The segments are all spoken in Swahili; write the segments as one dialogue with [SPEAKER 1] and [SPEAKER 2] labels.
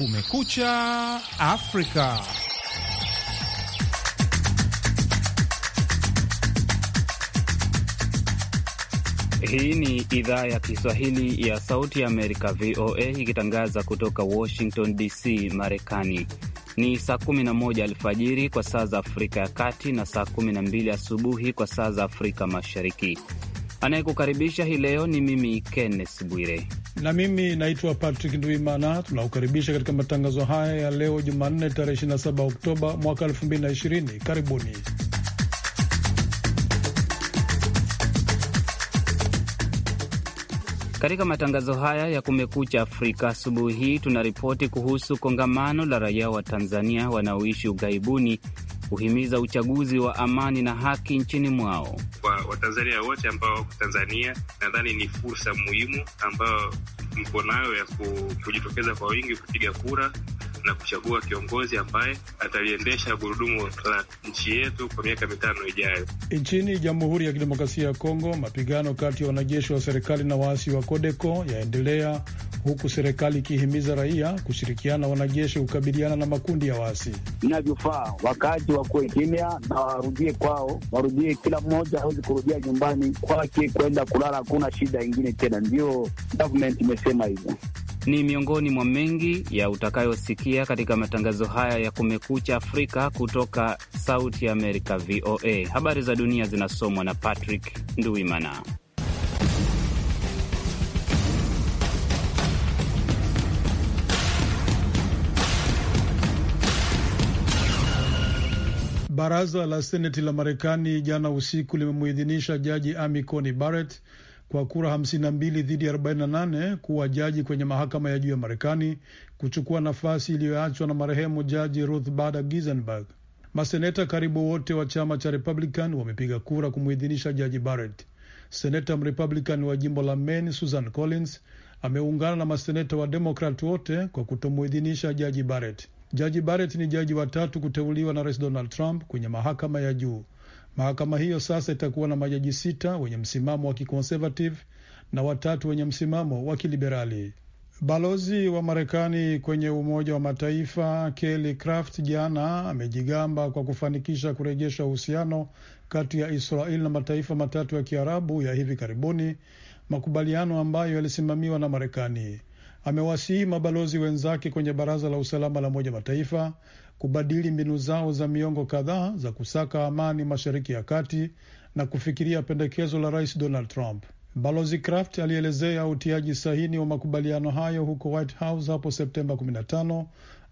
[SPEAKER 1] Kumekucha Afrika.
[SPEAKER 2] Hii ni idhaa ya Kiswahili ya Sauti ya Amerika, VOA, ikitangaza kutoka Washington DC, Marekani. Ni saa 11 alfajiri kwa saa za Afrika ya Kati na saa 12 asubuhi kwa saa za Afrika Mashariki. Anayekukaribisha hii leo ni mimi Kenneth Bwire
[SPEAKER 1] na mimi naitwa Patrick Nduimana. Tunakukaribisha katika matangazo haya ya leo Jumanne, tarehe 27 Oktoba mwaka 2020. Karibuni.
[SPEAKER 2] Katika matangazo haya ya Kumekucha Afrika asubuhi hii tunaripoti kuhusu kongamano la raia wa Tanzania wanaoishi ughaibuni kuhimiza uchaguzi wa amani na haki nchini mwao.
[SPEAKER 3] Kwa Watanzania wote ambao wako Tanzania, nadhani ni fursa muhimu ambayo mko nayo ya kujitokeza kwa wingi kupiga kura na kuchagua kiongozi ambaye ataliendesha gurudumu la nchi yetu kwa miaka mitano ijayo.
[SPEAKER 1] Nchini Jamhuri ya Kidemokrasia ya Kongo, mapigano kati ya wanajeshi wa serikali na waasi wa Kodeko yaendelea huku serikali ikihimiza raia kushirikiana na wanajeshi kukabiliana na makundi ya waasi.
[SPEAKER 4] Inavyofaa wakati wakuwe kimya na warudie kwao, warudie, kila mmoja aweze kurudia nyumbani kwake kwenda kulala, hakuna shida ingine tena. Ndio government imesema hivyo.
[SPEAKER 2] Ni miongoni mwa mengi ya utakayosikia katika matangazo haya ya Kumekucha Afrika kutoka Sauti ya Amerika, VOA. Habari za dunia zinasomwa na Patrick Nduimana.
[SPEAKER 1] Baraza la Seneti la Marekani jana usiku limemuidhinisha jaji Amy Coney Barrett kwa kura 52 dhidi ya 48 kuwa jaji kwenye mahakama ya juu ya Marekani, kuchukua nafasi iliyoachwa na marehemu jaji Ruth Bader Ginsburg. Maseneta karibu wote wa chama cha Republican wamepiga kura kumuidhinisha jaji Barrett. Seneta Mrepublican wa jimbo la Maine Susan Collins ameungana na maseneta wa Demokrat wote kwa kutomuidhinisha jaji Barrett. Jaji Barrett ni jaji watatu kuteuliwa na Rais Donald Trump kwenye mahakama ya juu. Mahakama hiyo sasa itakuwa na majaji sita wenye msimamo wa kikonservative na watatu wenye msimamo wa kiliberali. Balozi wa Marekani kwenye Umoja wa Mataifa Kelly Craft jana amejigamba kwa kufanikisha kurejesha uhusiano kati ya Israel na mataifa matatu ya Kiarabu ya hivi karibuni, makubaliano ambayo yalisimamiwa na Marekani amewasihi mabalozi wenzake kwenye Baraza la Usalama la Umoja Mataifa kubadili mbinu zao za miongo kadhaa za kusaka amani Mashariki ya Kati na kufikiria pendekezo la Rais Donald Trump. Balozi Kraft alielezea utiaji sahini wa makubaliano hayo huko White House hapo Septemba 15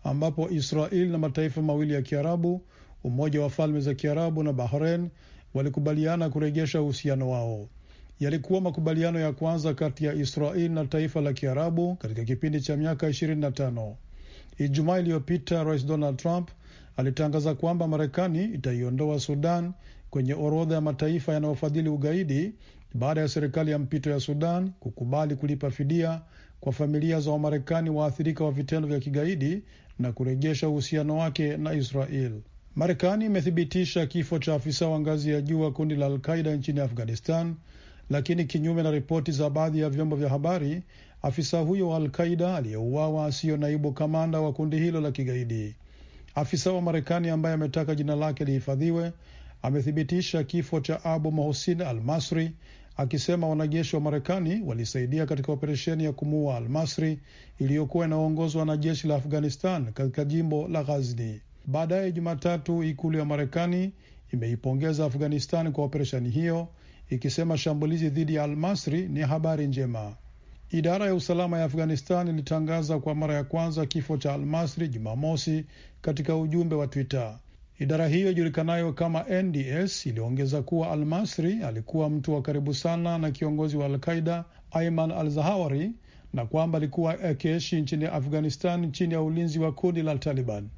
[SPEAKER 1] ambapo Israel na mataifa mawili ya Kiarabu, Umoja wa Falme za Kiarabu na Bahrain walikubaliana kurejesha uhusiano wao yalikuwa makubaliano ya kwanza kati ya Israel na taifa la Kiarabu katika kipindi cha miaka 25. Ijumaa iliyopita Rais Donald Trump alitangaza kwamba Marekani itaiondoa Sudan kwenye orodha ya mataifa yanayofadhili ugaidi baada ya serikali ya mpito ya Sudan kukubali kulipa fidia kwa familia za Wamarekani waathirika wa vitendo vya kigaidi na kurejesha uhusiano wake na Israel. Marekani imethibitisha kifo cha afisa wa ngazi ya juu wa kundi la Alqaida nchini Afghanistan lakini kinyume na ripoti za baadhi ya vyombo vya habari, afisa huyo wa Alqaida aliyeuawa asiyo naibu kamanda wa kundi hilo la kigaidi. Afisa wa Marekani ambaye ametaka jina lake lihifadhiwe amethibitisha kifo cha Abu Mohsin Al Masri akisema wanajeshi wa Marekani walisaidia katika operesheni ya kumuua Al Masri iliyokuwa inaongozwa na jeshi la Afghanistan katika jimbo la Ghazni. Baadaye Jumatatu, ikulu ya Marekani imeipongeza Afghanistan kwa operesheni hiyo ikisema shambulizi dhidi ya Almasri ni habari njema. Idara ya usalama ya Afghanistan ilitangaza kwa mara ya kwanza kifo cha Almasri Jumamosi katika ujumbe wa Twitter. Idara hiyo ijulikanayo kama NDS iliongeza kuwa Almasri alikuwa mtu wa karibu sana na kiongozi wa Alqaida Aiman al Zahawari na kwamba alikuwa akiishi nchini Afghanistan chini ya ulinzi wa kundi la Taliban.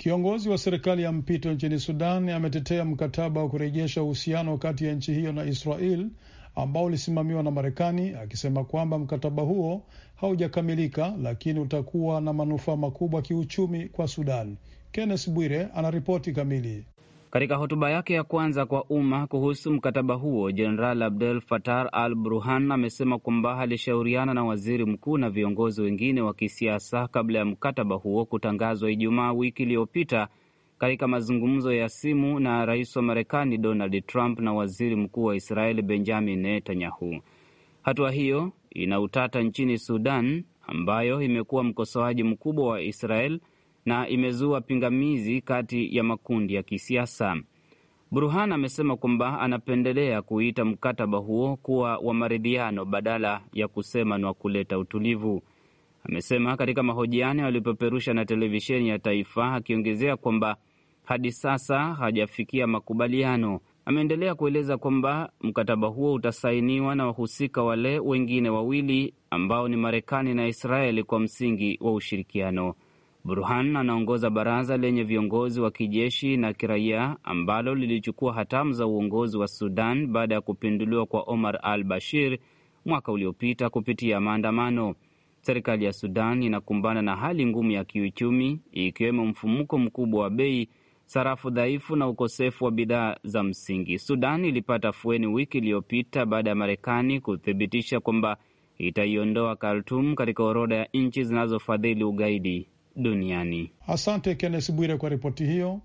[SPEAKER 1] Kiongozi wa serikali ya mpito nchini Sudan ametetea mkataba wa kurejesha uhusiano kati ya nchi hiyo na Israel ambao ulisimamiwa na Marekani, akisema kwamba mkataba huo haujakamilika lakini utakuwa na manufaa makubwa kiuchumi kwa Sudan. Kenneth Bwire anaripoti kamili.
[SPEAKER 2] Katika hotuba yake ya kwanza kwa umma kuhusu mkataba huo, Jeneral Abdel Fattah al Burhan amesema kwamba alishauriana na waziri mkuu na viongozi wengine wa kisiasa kabla ya mkataba huo kutangazwa Ijumaa wiki iliyopita katika mazungumzo ya simu na rais wa Marekani Donald Trump na waziri mkuu wa Israeli Benjamin Netanyahu. Hatua hiyo ina utata nchini Sudan ambayo imekuwa mkosoaji mkubwa wa Israel na imezua pingamizi kati ya makundi ya kisiasa. Burhan amesema kwamba anapendelea kuita mkataba huo kuwa wa maridhiano badala ya kusema ni wa kuleta utulivu. Amesema katika mahojiano yaliyopeperusha na televisheni ya taifa, akiongezea kwamba hadi sasa hajafikia makubaliano. Ameendelea kueleza kwamba mkataba huo utasainiwa na wahusika wale wengine wawili ambao ni Marekani na Israeli kwa msingi wa ushirikiano. Burhan anaongoza baraza lenye viongozi wa kijeshi na kiraia ambalo lilichukua hatamu za uongozi wa Sudan baada ya kupinduliwa kwa Omar al Bashir mwaka uliopita kupitia maandamano. Serikali ya Sudan inakumbana na hali ngumu ya kiuchumi, ikiwemo mfumuko mkubwa wa bei, sarafu dhaifu na ukosefu wa bidhaa za msingi. Sudan ilipata fueni wiki iliyopita baada ya Marekani kuthibitisha kwamba itaiondoa Khartum katika orodha ya nchi zinazofadhili ugaidi duniani.
[SPEAKER 1] Asante Kennes Bwire kwa ripoti hiyo.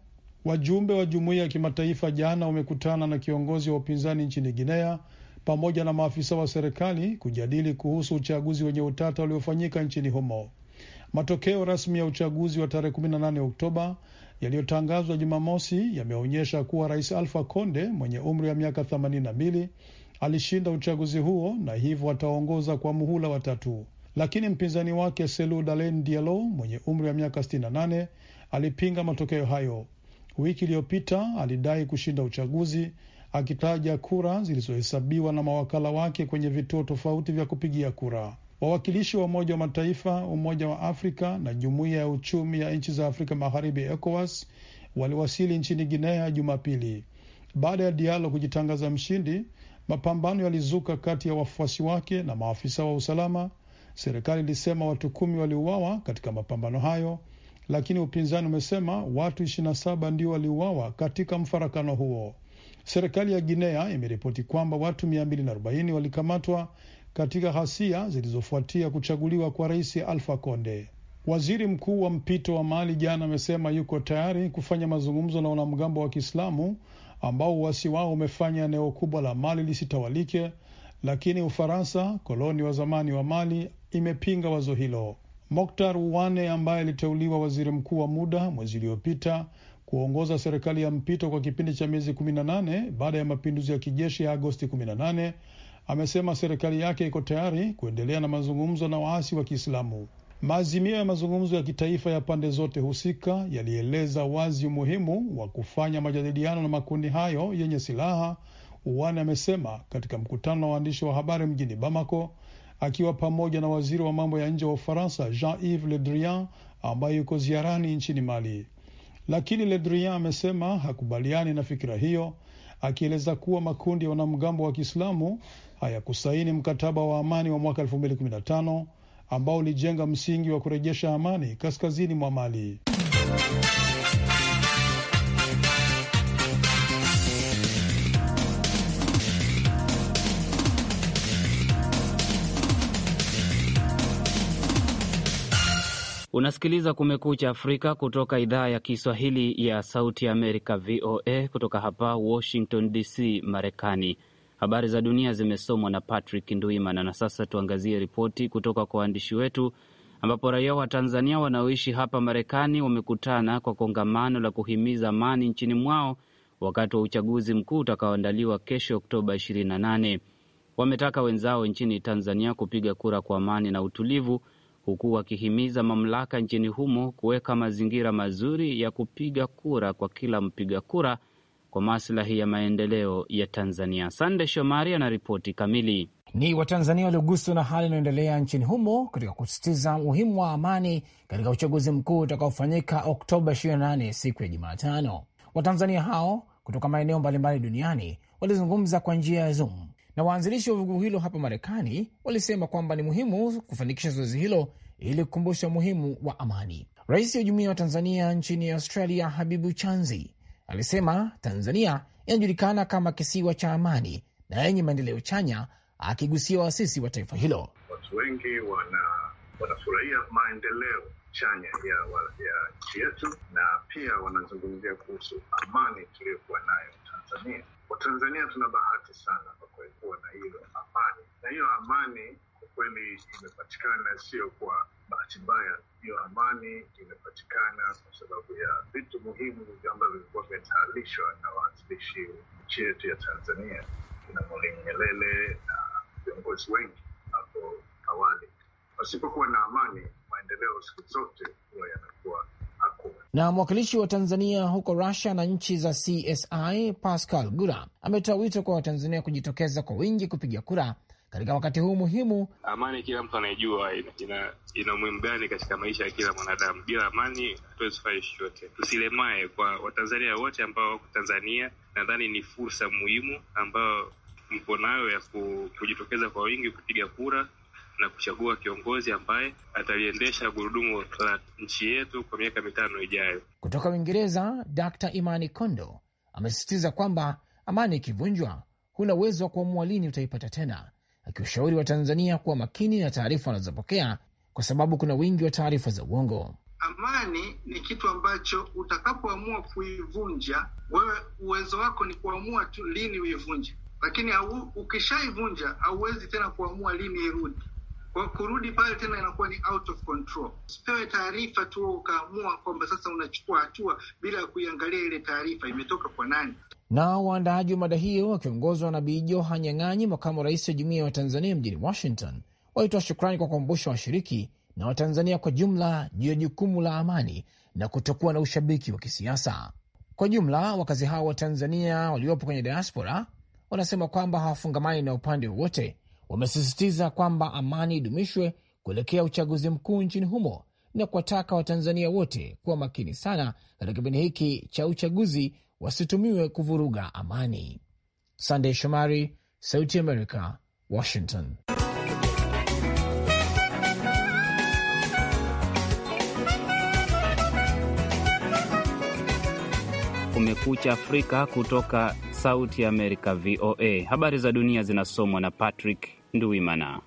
[SPEAKER 1] Wajumbe wa jumuiya ya kimataifa jana wamekutana na kiongozi wa upinzani nchini Guinea pamoja na maafisa wa serikali kujadili kuhusu uchaguzi wenye utata uliofanyika nchini humo. Matokeo rasmi ya uchaguzi wa tarehe 18 Oktoba yaliyotangazwa Jumamosi yameonyesha kuwa rais alfa Conde mwenye umri wa miaka 82 alishinda uchaguzi huo na hivyo ataongoza kwa muhula watatu lakini mpinzani wake Selu Dalen Dialo mwenye umri wa miaka 68 alipinga matokeo hayo. Wiki iliyopita alidai kushinda uchaguzi akitaja kura zilizohesabiwa na mawakala wake kwenye vituo tofauti vya kupigia kura. Wawakilishi wa Umoja wa Mataifa, Umoja wa Afrika na Jumuiya ya Uchumi ya Nchi za Afrika Magharibi, ECOWAS, waliwasili nchini Guinea Jumapili baada ya Dialo kujitangaza mshindi. Mapambano yalizuka kati ya wafuasi wake na maafisa wa usalama Serikali ilisema watu kumi waliuawa katika mapambano hayo, lakini upinzani umesema watu 27 ndio waliuawa katika mfarakano huo. Serikali ya Guinea imeripoti kwamba watu 240 walikamatwa katika ghasia zilizofuatia kuchaguliwa kwa rais Alfa Konde. Waziri mkuu wa mpito wa Mali jana amesema yuko tayari kufanya mazungumzo na wanamgambo wa Kiislamu ambao uasi wao umefanya eneo kubwa la Mali lisitawalike, lakini Ufaransa, koloni wa zamani wa Mali, imepinga wazo hilo. Moktar Wane ambaye aliteuliwa waziri mkuu wa muda mwezi uliopita kuongoza serikali ya mpito kwa kipindi cha miezi 18 baada ya mapinduzi ya kijeshi ya Agosti 18 amesema serikali yake iko tayari kuendelea na mazungumzo na waasi wa Kiislamu. Maazimio ya mazungumzo ya kitaifa ya pande zote husika yalieleza wazi umuhimu wa kufanya majadiliano na makundi hayo yenye silaha, Uwane amesema katika mkutano wa waandishi wa habari mjini Bamako akiwa pamoja na waziri wa mambo ya nje wa Ufaransa Jean-Yves Le Drian ambaye yuko ziarani nchini Mali. Lakini Le Drian amesema hakubaliani na fikira hiyo, akieleza kuwa makundi ya wanamgambo wa Kiislamu hayakusaini mkataba wa amani wa mwaka 2015 ambao ulijenga msingi wa kurejesha amani kaskazini mwa Mali.
[SPEAKER 2] Unasikiliza Kumekucha Afrika kutoka idhaa ya Kiswahili ya Sauti ya Amerika, VOA, kutoka hapa Washington DC, Marekani. Habari za dunia zimesomwa na Patrick Nduimana. Na sasa tuangazie ripoti kutoka kwa waandishi wetu, ambapo raia wa Tanzania wanaoishi hapa Marekani wamekutana kwa kongamano la kuhimiza amani nchini mwao wakati wa uchaguzi mkuu utakaoandaliwa kesho Oktoba 28. Wametaka wenzao nchini Tanzania kupiga kura kwa amani na utulivu huku wakihimiza mamlaka nchini humo kuweka mazingira mazuri ya kupiga kura kwa kila mpiga kura kwa maslahi ya maendeleo ya Tanzania. Sande Shomari anaripoti kamili.
[SPEAKER 5] Ni Watanzania walioguswa na hali inayoendelea nchini humo katika kusisitiza umuhimu wa amani katika uchaguzi mkuu utakaofanyika Oktoba 28 siku ya Jumatano. Watanzania hao kutoka maeneo mbalimbali duniani walizungumza kwa njia ya Zoom na waanzilishi wa vuguvugu hilo hapa Marekani walisema kwamba ni muhimu kufanikisha zoezi hilo ili kukumbusha umuhimu wa amani. Rais wa jumuiya wa Tanzania nchini Australia, Habibu Chanzi, alisema Tanzania inajulikana kama kisiwa cha amani na yenye maendeleo chanya, akigusia waasisi wa taifa hilo.
[SPEAKER 4] Watu wengi wana wanafurahia maendeleo chanya ya nchi yetu na pia wanazungumzia kuhusu amani tuliyokuwa nayo Tanzania. Watanzania tuna bahati sana kwa kweli kuwa na hiyo amani, na hiyo amani kwa kweli imepatikana sio kwa bahati mbaya. Hiyo amani imepatikana kwa sababu ya vitu muhimu ambavyo vilikuwa vimetayarishwa na waanzilishi nchi yetu ya Tanzania kina Mwalimu Nyerere na viongozi wengi hapo awali. Pasipokuwa na amani, maendeleo siku zote
[SPEAKER 5] huwa yana na mwakilishi wa Tanzania huko Rusia na nchi za CSI Pascal Gura ametoa wito kwa Watanzania kujitokeza kwa wingi kupiga kura katika wakati huu muhimu.
[SPEAKER 3] Amani kila mtu anayejua ina, ina, ina umuhimu gani katika maisha ya kila mwanadamu. Bila amani hatuwezi kufanya chochote. Tusilemae kwa Watanzania wote ambao wako Tanzania, nadhani ni fursa muhimu ambayo mko nayo ya kujitokeza kwa wingi kupiga kura na kuchagua kiongozi ambaye ataliendesha gurudumu la nchi yetu kwa miaka mitano ijayo.
[SPEAKER 5] Kutoka Uingereza, Dr Imani Kondo amesisitiza kwamba amani ikivunjwa, huna uwezo wa kuamua lini utaipata tena, akiwashauri tanzania kuwa makini na taarifa wanazopokea kwa sababu kuna wingi wa taarifa za uongo.
[SPEAKER 4] Amani ni kitu ambacho utakapoamua kuivunja wewe, uwezo wako ni kuamua tu lini uivunje, lakini ukishaivunja hauwezi tena kuamua lini irudi. Kwa kurudi pale tena inakuwa ni out of control. Usipewe taarifa tu ukaamua kwamba sasa unachukua hatua bila ya kuiangalia ile taarifa imetoka kwa nani.
[SPEAKER 5] Nao waandaaji wa mada hiyo wakiongozwa na Bi Joha Nyang'anyi, makamu rais wa jumuiya ya Watanzania mjini Washington, walitoa shukrani kwa kuambusha washiriki na Watanzania kwa jumla juu ya jukumu la amani na kutokuwa na ushabiki wa kisiasa. Kwa jumla, wakazi hao wa Tanzania waliopo kwenye diaspora wanasema kwamba hawafungamani na upande wowote wamesisitiza kwamba amani idumishwe kuelekea uchaguzi mkuu nchini humo na kuwataka Watanzania wote kuwa makini sana katika kipindi hiki cha uchaguzi, wasitumiwe kuvuruga amani. Sandey Shomari, Sauti America, Washington.
[SPEAKER 2] Kumekucha Afrika kutoka Sauti ya Amerika, VOA. Habari za dunia zinasomwa na Patrick Nduimana.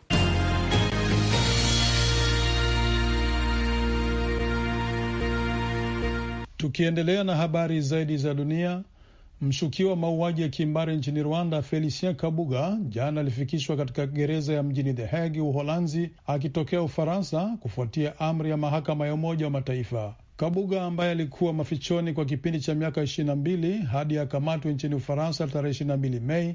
[SPEAKER 1] Tukiendelea na habari zaidi za dunia, mshukiwa mauaji ya kimbari nchini Rwanda, Felicien Kabuga, jana alifikishwa katika gereza ya mjini The Hague, Uholanzi, akitokea Ufaransa kufuatia amri ya mahakama ya Umoja wa Mataifa. Kabuga ambaye alikuwa mafichoni kwa kipindi cha miaka ishirini na mbili hadi akamatwe nchini Ufaransa tarehe ishirini na mbili Mei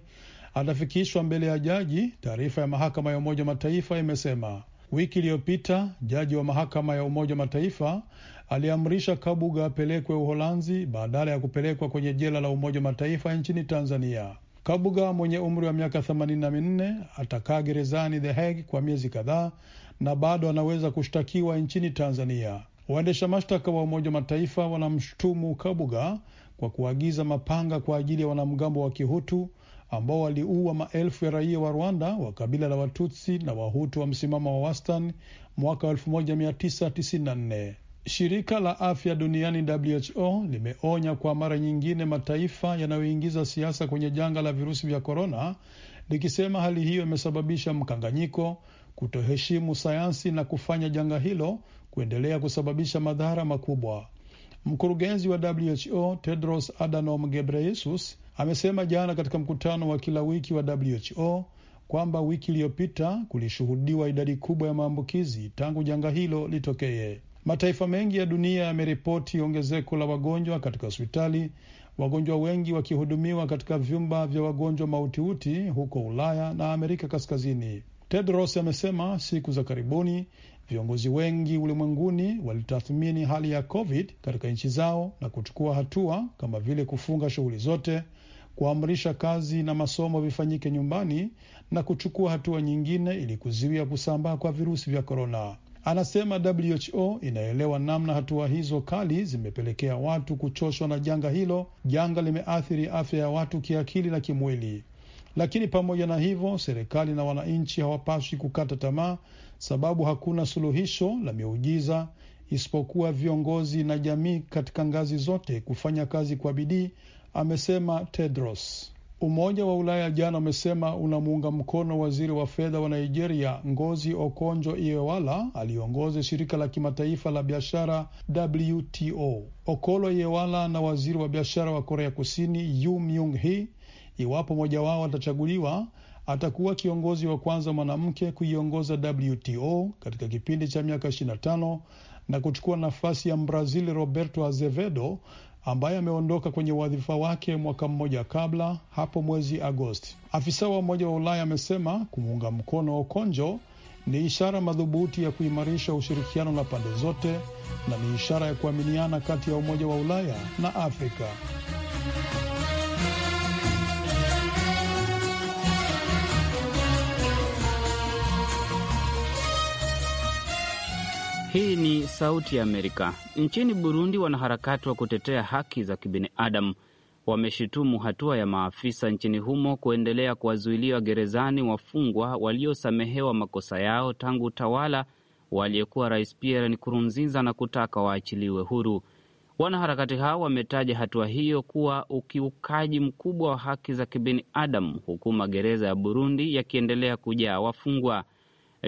[SPEAKER 1] atafikishwa mbele ya jaji, taarifa ya mahakama ya Umoja Mataifa imesema. Wiki iliyopita jaji wa mahakama ya Umoja Mataifa aliamrisha Kabuga apelekwe Uholanzi badala ya kupelekwa kwenye jela la Umoja Mataifa nchini Tanzania. Kabuga mwenye umri wa miaka themanini na minne atakaa gerezani The Hague kwa miezi kadhaa na bado anaweza kushtakiwa nchini Tanzania. Waendesha mashtaka wa Umoja wa Mataifa wanamshutumu Kabuga kwa kuagiza mapanga kwa ajili ya wanamgambo wa Kihutu ambao waliua maelfu ya raia wa Rwanda wa kabila la Watutsi na Wahutu wa msimamo wa wastani mwaka 1994. Shirika la afya duniani WHO limeonya kwa mara nyingine mataifa yanayoingiza siasa kwenye janga la virusi vya korona, likisema hali hiyo imesababisha mkanganyiko, kutoheshimu sayansi na kufanya janga hilo kuendelea kusababisha madhara makubwa. Mkurugenzi wa WHO Tedros Adhanom Ghebreyesus amesema jana katika mkutano wa kila wiki wa WHO kwamba wiki iliyopita kulishuhudiwa idadi kubwa ya maambukizi tangu janga hilo litokee. Mataifa mengi ya dunia yameripoti ongezeko la wagonjwa katika hospitali, wagonjwa wengi wakihudumiwa katika vyumba vya wagonjwa mautiuti huko Ulaya na Amerika Kaskazini. Tedros amesema siku za karibuni Viongozi wengi ulimwenguni walitathmini hali ya COVID katika nchi zao na kuchukua hatua kama vile kufunga shughuli zote, kuamrisha kazi na masomo vifanyike nyumbani na kuchukua hatua nyingine ili kuzuia kusambaa kwa virusi vya korona. Anasema WHO inaelewa namna hatua hizo kali zimepelekea watu kuchoshwa na janga hilo. Janga limeathiri afya ya watu kiakili na kimwili, lakini pamoja na hivyo, serikali na wananchi hawapaswi kukata tamaa sababu hakuna suluhisho la miujiza isipokuwa viongozi na jamii katika ngazi zote kufanya kazi kwa bidii, amesema Tedros. Umoja wa Ulaya jana amesema unamuunga mkono waziri wa fedha wa Nigeria Ngozi Okonjo Iweala aliongoza shirika la kimataifa la biashara WTO. Okolo Iweala na waziri wa biashara wa Korea Kusini Yu Myung Hee, iwapo mmoja wao atachaguliwa, atakuwa kiongozi wa kwanza mwanamke kuiongoza WTO katika kipindi cha miaka 25 na kuchukua nafasi ya Mbrazili Roberto Azevedo ambaye ameondoka kwenye wadhifa wake mwaka mmoja kabla hapo mwezi Agosti. Afisa wa Umoja wa Ulaya amesema kumuunga mkono Okonjo ni ishara madhubuti ya kuimarisha ushirikiano na pande zote na ni ishara ya kuaminiana kati ya Umoja wa Ulaya na Afrika.
[SPEAKER 2] Hii ni Sauti ya Amerika. Nchini Burundi, wanaharakati wa kutetea haki za kibinadamu wameshutumu hatua ya maafisa nchini humo kuendelea kuwazuilia gerezani wafungwa waliosamehewa makosa yao tangu utawala wa aliyekuwa Rais Pierre Nkurunziza na kutaka waachiliwe huru. Wanaharakati hao wametaja hatua hiyo kuwa ukiukaji mkubwa wa haki za kibinadamu, huku magereza ya Burundi yakiendelea kujaa wafungwa.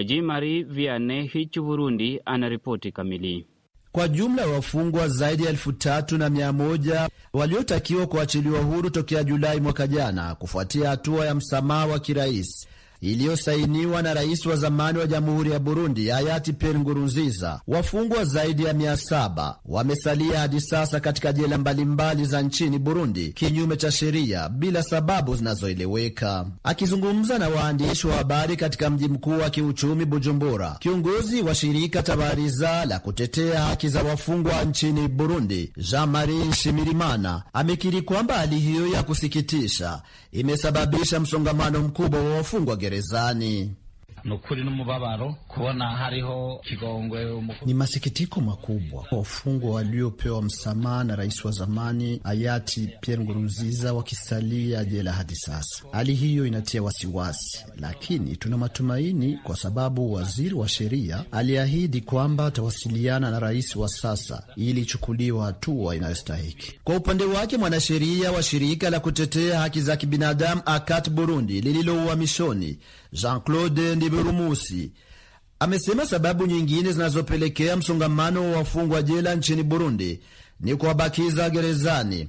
[SPEAKER 2] Jean Viane hichi Burundi anaripoti kamili. Kwa
[SPEAKER 4] jumla ya wafungwa zaidi ya elfu tatu na mia moja waliotakiwa kuachiliwa huru tokea Julai mwaka jana kufuatia hatua ya msamaha wa kirais iliyosainiwa na rais wa zamani wa jamhuri ya Burundi hayati Pierre ngurunziza Wafungwa zaidi ya mia saba wamesalia hadi sasa katika jela mbalimbali za nchini Burundi kinyume cha sheria bila sababu zinazoeleweka. Akizungumza na waandishi wa habari katika mji mkuu wa kiuchumi Bujumbura, kiongozi wa shirika Tabariza la kutetea haki za wafungwa nchini Burundi, Jean Marie Nshimirimana, amekiri kwamba hali hiyo ya kusikitisha imesababisha msongamano mkubwa wa wafungwa gerezani
[SPEAKER 3] ni n'umubabaro kubona hariho kigongwe.
[SPEAKER 4] Ni masikitiko makubwa kwa wafungwa waliopewa msamaha na rais wa zamani hayati Pierre Nkurunziza wakisalia jela hadi sasa. Hali hiyo inatia wasiwasi, lakini tuna matumaini kwa sababu waziri wa sheria aliahidi kwamba atawasiliana na rais wa sasa ili ichukuliwa hatua inayostahiki. Kwa upande wake, mwanasheria wa shirika la kutetea haki za kibinadamu akat Burundi lililo uhamishoni Jean-Claude Ndiburumusi amesema sababu nyingine zinazopelekea msongamano wa wafungwa jela nchini Burundi ni kuwabakiza gerezani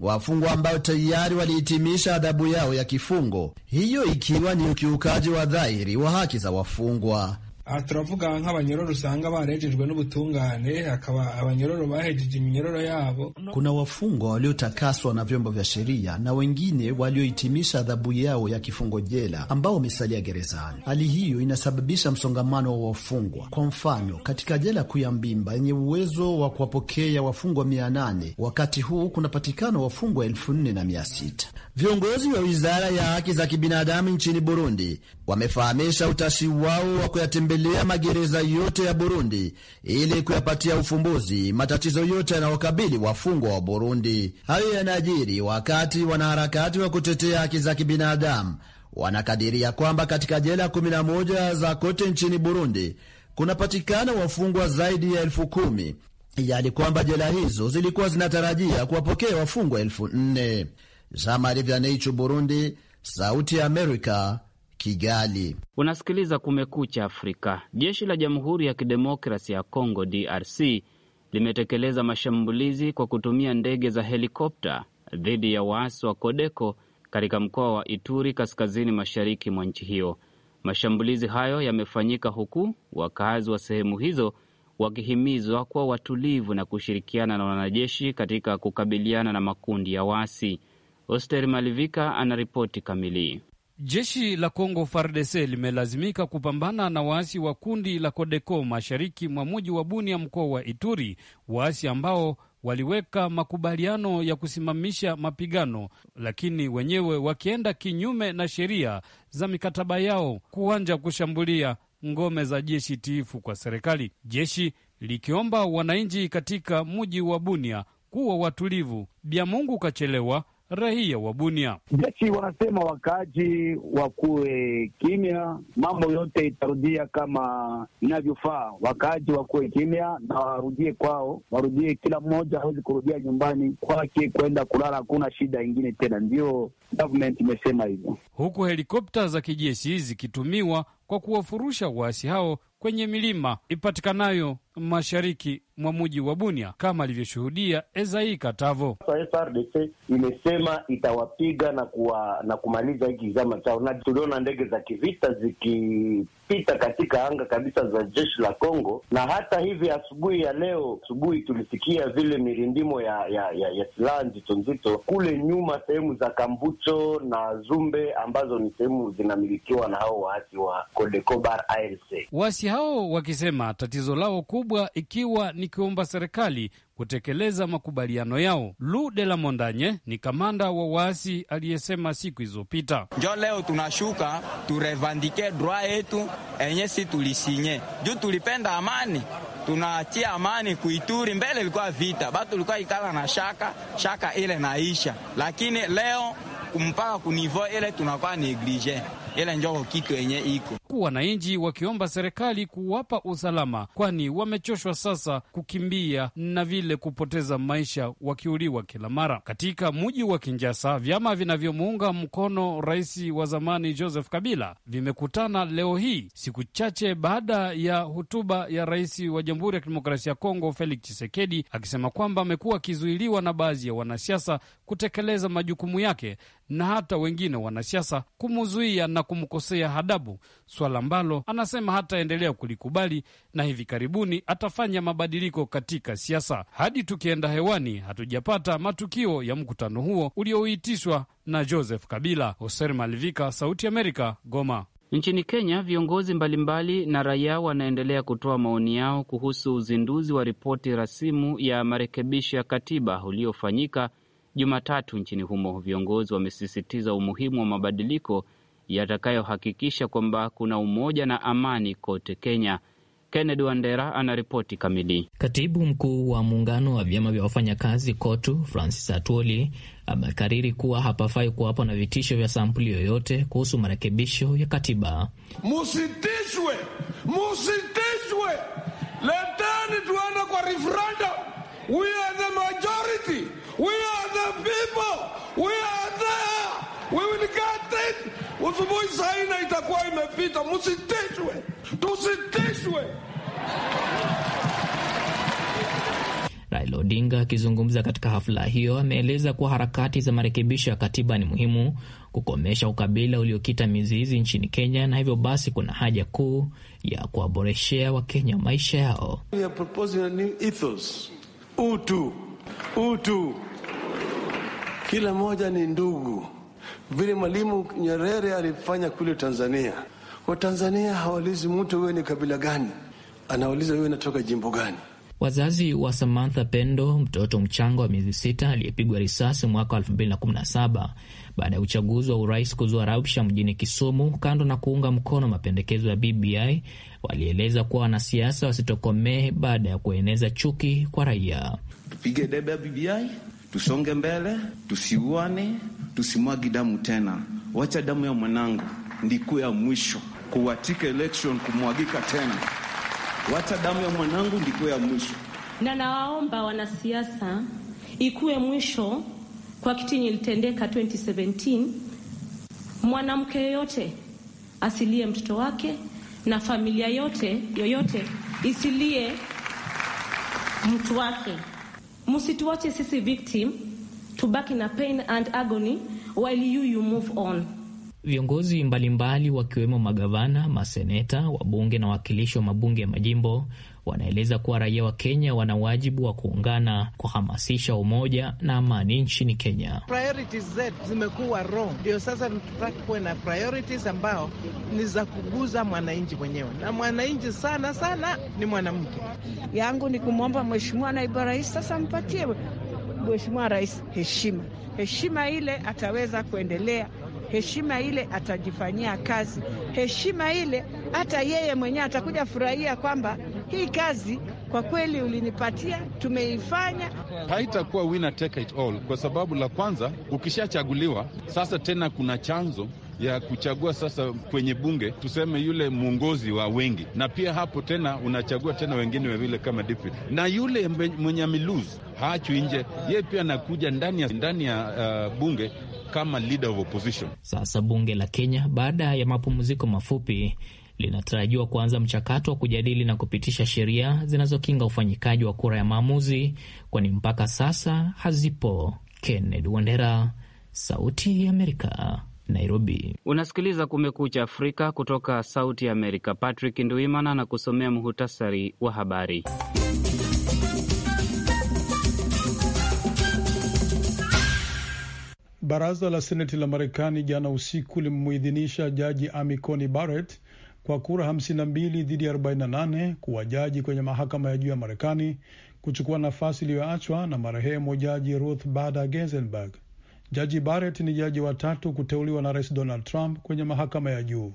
[SPEAKER 4] wafungwa ambao tayari walihitimisha adhabu yao ya kifungo, hiyo ikiwa ni ukiukaji wa dhahiri wa haki za wafungwa
[SPEAKER 5] aha turavuga nk'abanyororo usanga barejejwe n'ubutungane, akaba abanyororo bahejeje iminyororo yabo.
[SPEAKER 4] Kuna wafungwa waliotakaswa na vyombo vya sheria na wengine waliohitimisha adhabu yao ya kifungo jela ambao wamesalia gerezani. Hali hiyo inasababisha msongamano wa wafungwa. Kwa mfano, katika jela kuu ya Mbimba yenye uwezo wa kuwapokea wafungwa mia nane wakati huu kunapatikana wafungwa elfu nne na mia sita. Viongozi wa wizara ya haki za kibinadamu nchini Burundi wamefahamisha utashi wao wa kuyatembelea magereza yote ya Burundi ili kuyapatia ufumbuzi matatizo yote yanayokabili wafungwa wa Burundi. Hayo yanajiri wakati wanaharakati wa kutetea haki za kibinadamu wanakadiria kwamba katika jela 11 za kote nchini Burundi kunapatikana wafungwa zaidi ya elfu kumi yani kwamba jela hizo zilikuwa zinatarajia kuwapokea wafungwa elfu nne. Jean Marie Vianney Burundi, Sauti ya Amerika, Kigali.
[SPEAKER 2] Unasikiliza Kumekucha Afrika. Jeshi la Jamhuri ya Kidemokrasi ya congo DRC, limetekeleza mashambulizi kwa kutumia ndege za helikopta dhidi ya waasi wa Kodeko katika mkoa wa Ituri, kaskazini mashariki mwa nchi hiyo. Mashambulizi hayo yamefanyika huku wakazi wa sehemu hizo wakihimizwa kuwa watulivu na kushirikiana na wanajeshi katika kukabiliana na makundi ya waasi. Oster Malivika anaripoti kamili.
[SPEAKER 3] Jeshi la Kongo FARDC limelazimika kupambana na waasi wa kundi la Kodeko mashariki mwa muji wa Bunia, mkoa wa Ituri, waasi ambao waliweka makubaliano ya kusimamisha mapigano, lakini wenyewe wakienda kinyume na sheria za mikataba yao kuanja kushambulia ngome za jeshi tiifu kwa serikali, jeshi likiomba wananchi katika muji wa Bunia kuwa watulivu. Bya Mungu Kachelewa raia wa Bunia.
[SPEAKER 4] Jeshi wanasema wakaaji wakuwe kimya, mambo yote itarudia kama inavyofaa. Wakaaji wakuwe kimya na warudie kwao, warudie, kila mmoja awezi kurudia nyumbani kwake kwenda kulala, hakuna shida ingine tena. ndio government imesema hivyo,
[SPEAKER 3] huku helikopta za kijeshi zikitumiwa kwa kuwafurusha waasi hao kwenye milima ipatikanayo mashariki mwa muji wa Bunia kama alivyoshuhudia Ezai Katavo.
[SPEAKER 4] FRDC imesema itawapiga na kuwa, na kumaliza hiki kizama chao, na tuliona ndege za kivita zikipita katika anga kabisa za jeshi la congo na hata hivi asubuhi ya leo asubuhi tulisikia vile mirindimo ya, ya, ya, ya silaha nzito nzito kule nyuma sehemu za Kambucho na Zumbe ambazo ni sehemu zinamilikiwa na hao waasi wa Codecobar ALC,
[SPEAKER 3] waasi hao wakisema tatizo lao kubwa ikiwa ni likiomba serikali kutekeleza makubaliano yao. Lu de la Mondanye ni kamanda wa waasi aliyesema siku izopita,
[SPEAKER 5] njo leo tunashuka turevandike droa yetu enye si tulisinye juu tulipenda amani tunatia amani kuituri. Mbele ilikuwa vita, batu ilikuwa ikala na shaka shaka ile naisha, lakini leo mpaka kunivo ile tunakuwa neglige ile njogo kitu yenye iko
[SPEAKER 3] wananchi wakiomba serikali kuwapa usalama, kwani wamechoshwa sasa kukimbia na vile kupoteza maisha wakiuliwa kila mara. Katika mji wa kinjasa vyama vinavyomuunga mkono rais wa zamani Joseph Kabila vimekutana leo hii siku chache baada ya hotuba ya rais wa Jamhuri ya Kidemokrasia ya Kongo Felix Tshisekedi akisema kwamba amekuwa akizuiliwa na baadhi ya wanasiasa kutekeleza majukumu yake na hata wengine wanasiasa kumuzuia na kumkosea hadabu, swala ambalo anasema hataendelea kulikubali na hivi karibuni atafanya mabadiliko katika siasa. Hadi tukienda hewani, hatujapata matukio ya mkutano huo ulioitishwa na Joseph Kabila. Hoser Malivika, Sauti Amerika, Goma.
[SPEAKER 2] Nchini Kenya, viongozi mbalimbali na raia wanaendelea kutoa maoni yao kuhusu uzinduzi wa ripoti rasimu ya marekebisho ya katiba uliofanyika Jumatatu nchini humo. Viongozi wamesisitiza umuhimu wa mabadiliko yatakayohakikisha kwamba kuna umoja na amani kote Kenya. Kennedy Wandera anaripoti kamili.
[SPEAKER 6] Katibu mkuu wa muungano wa vyama vya wafanyakazi KOTU Francis Atwoli amekariri kuwa hapafai kuwapo na vitisho vya sampuli yoyote kuhusu marekebisho ya katiba.
[SPEAKER 4] Musitishwe,
[SPEAKER 5] musitishwe, leteni tuende kwa referendum.
[SPEAKER 1] We are the majority, we are the people, we are there, we will Usubuhi saina itakuwa imepita. Musitishwe, tusitishwe.
[SPEAKER 6] Raila Odinga akizungumza katika hafla hiyo ameeleza kuwa harakati za marekebisho ya katiba ni muhimu kukomesha ukabila uliokita mizizi nchini Kenya, na hivyo basi kuna haja kuu ya kuwaboreshea Wakenya maisha yao.
[SPEAKER 1] Utu, utu, kila moja ni ndugu vile Mwalimu Nyerere alifanya kule Tanzania. kwa tanzania hawaulizi mtu wewe ni kabila gani, anauliza wewe natoka jimbo gani.
[SPEAKER 6] Wazazi wa Samantha Pendo, mtoto mchanga wa miezi sita aliyepigwa risasi mwaka 2017 baada ya uchaguzi wa urais kuzua rabsha mjini Kisumu, kando na kuunga mkono mapendekezo ya BBI, walieleza kuwa wanasiasa wasitokomee baada ya kueneza chuki kwa
[SPEAKER 4] raia. Tupige debe ya BBI Tusonge mbele, tusiuane, tusimwagi damu tena. Wacha damu ya mwanangu ndiku ya mwisho kuwatika election kumwagika tena. Wacha damu ya mwanangu ndiku ya mwisho,
[SPEAKER 6] na nawaomba wanasiasa ikuwe mwisho kwa kitinyi ilitendeka 2017. Mwanamke yoyote asilie mtoto wake na familia yote yoyote isilie mtu wake. Msituache sisi victim tubaki na pain and agony while you you move on. Viongozi mbalimbali wakiwemo magavana, maseneta, wabunge na wawakilishi wa mabunge ya majimbo wanaeleza kuwa raia wa Kenya wana wajibu wa kuungana kuhamasisha umoja na amani nchini Kenya.
[SPEAKER 5] Priorities zetu zimekuwa wrong, ndio sasa tunataka kuwe na priorities ambao ni za kuguza mwananchi mwenyewe, na mwananchi sana sana ni mwanamke. Yangu ni kumwomba Mheshimiwa Naibu Rais sasa mpatie Mheshimiwa Rais heshima, heshima ile ataweza kuendelea heshima ile atajifanyia kazi, heshima ile hata yeye mwenyewe atakuja furahia kwamba hii kazi kwa kweli ulinipatia, tumeifanya.
[SPEAKER 1] Haitakuwa winner take it all, kwa sababu la kwanza, ukishachaguliwa sasa tena kuna chanzo ya kuchagua sasa kwenye bunge tuseme yule mwongozi wa wengi, na pia hapo tena unachagua tena wengine wawili kama deputy, na yule mwenye amiluz haachwi nje, yeye pia anakuja ndani ya, ndani ya uh, bunge kama leader of opposition.
[SPEAKER 6] Sasa bunge la Kenya baada ya mapumziko mafupi linatarajiwa kuanza mchakato wa kujadili na kupitisha sheria zinazokinga ufanyikaji wa kura ya maamuzi, kwani mpaka sasa hazipo. Kenneth Wandera, Sauti ya Amerika, Nairobi.
[SPEAKER 2] Unasikiliza Kumekucha Afrika kutoka Sauti ya Amerika. Patrick Nduimana na kusomea muhutasari wa habari.
[SPEAKER 1] Baraza la Seneti la Marekani jana usiku limemuidhinisha jaji Amy Coney Barrett kwa kura 52 dhidi ya 48 kuwa jaji kwenye mahakama ya juu ya Marekani kuchukua nafasi iliyoachwa na marehemu jaji Ruth Bader Ginsburg. Jaji Barrett ni jaji watatu kuteuliwa na Rais Donald Trump kwenye mahakama ya juu.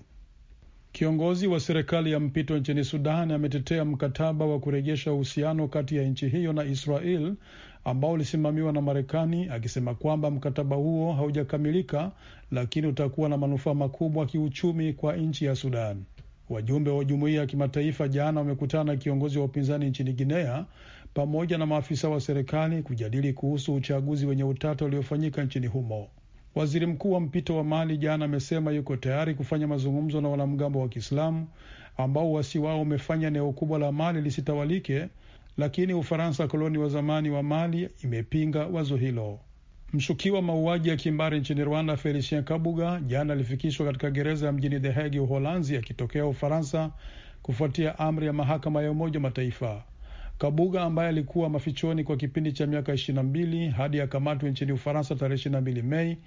[SPEAKER 1] Kiongozi wa serikali ya mpito nchini Sudan ametetea mkataba wa kurejesha uhusiano kati ya nchi hiyo na Israel ambao ulisimamiwa na Marekani akisema kwamba mkataba huo haujakamilika, lakini utakuwa na manufaa makubwa kiuchumi kwa nchi ya Sudan. Wajumbe wa jumuiya ya kimataifa jana wamekutana na kiongozi wa upinzani nchini Guinea pamoja na maafisa wa serikali kujadili kuhusu uchaguzi wenye utata uliofanyika nchini humo. Waziri mkuu wa mpito wa Mali jana amesema yuko tayari kufanya mazungumzo na wanamgambo wa Kiislamu ambao uasi wao umefanya eneo kubwa la Mali lisitawalike lakini Ufaransa, koloni wa zamani wa Mali, imepinga wazo hilo. Mshukiwa mauaji ya kimbari nchini Rwanda, Felicien Kabuga, jana alifikishwa katika gereza ya mjini The Hague, Uholanzi, akitokea Ufaransa kufuatia amri ya mahakama ya Umoja Mataifa. Kabuga ambaye alikuwa mafichoni kwa kipindi cha miaka ishirini na mbili hadi akamatwe nchini Ufaransa tarehe ishirini na mbili Mei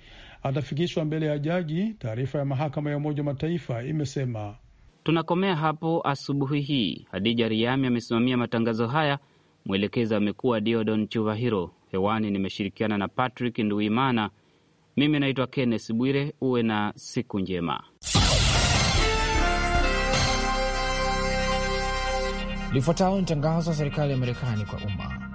[SPEAKER 1] atafikishwa mbele ya jaji, taarifa ya mahakama ya Umoja Mataifa imesema.
[SPEAKER 2] Tunakomea hapo asubuhi hii. Hadija Riami amesimamia matangazo haya, mwelekezi amekuwa Diodon Chuvahiro. Hewani nimeshirikiana na Patrick Nduimana. Mimi naitwa Kenneth Bwire. Uwe na siku njema.
[SPEAKER 5] lifuatao ni tangazo la serikali ya Marekani kwa umma.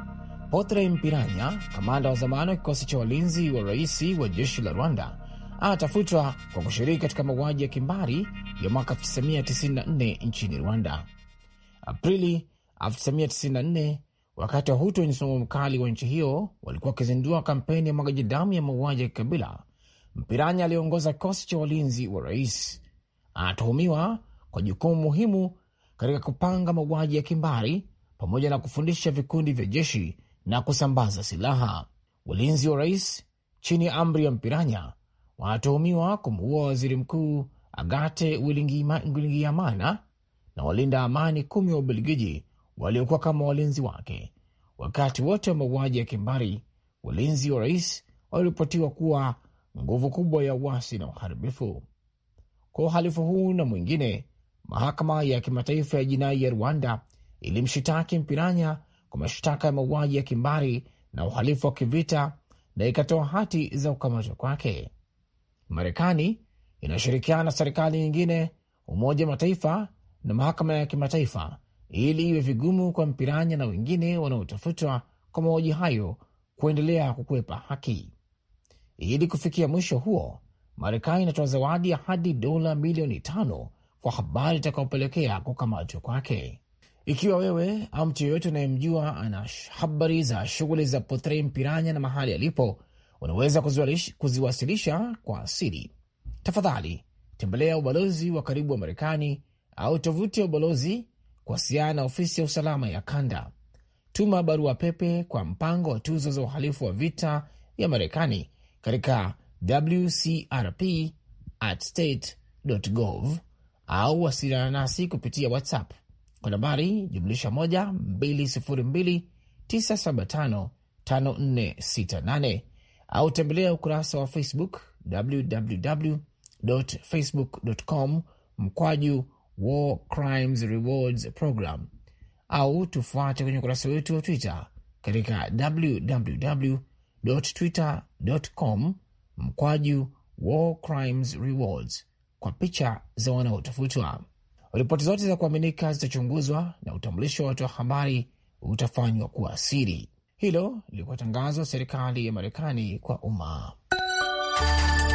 [SPEAKER 5] Potre Mpiranya, kamanda wa zamani wa kikosi cha walinzi wa rais wa jeshi la Rwanda, anatafutwa kwa kushiriki katika mauaji ya kimbari ya mwaka 1994 nchini Rwanda. Aprili 1994, wakati wa Hutu wenye msimamo mkali wa nchi hiyo walikuwa wakizindua kampeni ya mwagaji damu ya mauaji ya kikabila, Mpiranya aliongoza kikosi cha walinzi wa rais. Anatuhumiwa kwa jukumu muhimu katika kupanga mauaji ya kimbari pamoja na kufundisha vikundi vya jeshi na kusambaza silaha. Walinzi wa rais chini ya amri ya Mpiranya wanatuhumiwa kumuua waziri mkuu Agate Wilingiyamana na walinda amani kumi wa Ubelgiji waliokuwa kama walinzi wake wakati wote wa mauaji ya kimbari. Walinzi wa rais waliripotiwa kuwa nguvu kubwa ya uasi na uharibifu. Kwa uhalifu huu na mwingine, mahakama ya kimataifa ya jinai ya Rwanda ilimshitaki Mpiranya kwa mashtaka ya mauaji ya kimbari na uhalifu wa kivita na ikatoa hati za kukamatwa kwake. Marekani inashirikiana na serikali nyingine, Umoja wa Mataifa na mahakama ya kimataifa ili iwe vigumu kwa mpiranya na wengine wanaotafutwa kwa mauaji hayo kuendelea kukwepa haki. Ili kufikia mwisho huo, Marekani inatoa zawadi ya hadi dola milioni tano kwa habari itakayopelekea kukamatwa kwake. Ikiwa wewe au mtu yeyote unayemjua ana habari za shughuli za Potrei Mpiranya na mahali alipo, unaweza kuziwasilisha kwa siri tafadhali tembelea ubalozi wa karibu wa Marekani au tovuti ya ubalozi kuwasiliana na ofisi ya usalama ya kanda. Tuma barua pepe kwa mpango wa tuzo za uhalifu wa vita ya Marekani katika WCRP at state gov au wasiliana nasi kupitia WhatsApp kwa nambari jumlisha 1 au tembelea ukurasa wa Facebook www facebook.com mkwaju War Crimes Rewards Program, au tufuate kwenye ukurasa wetu wa Twitter katika www twitter com mkwaju War Crimes Rewards kwa picha za wanaotafutwa. Ripoti zote za kuaminika zitachunguzwa na utambulisho wa watoa habari utafanywa kuwa siri. Hilo lilikuwa tangazo serikali ya Marekani kwa umma.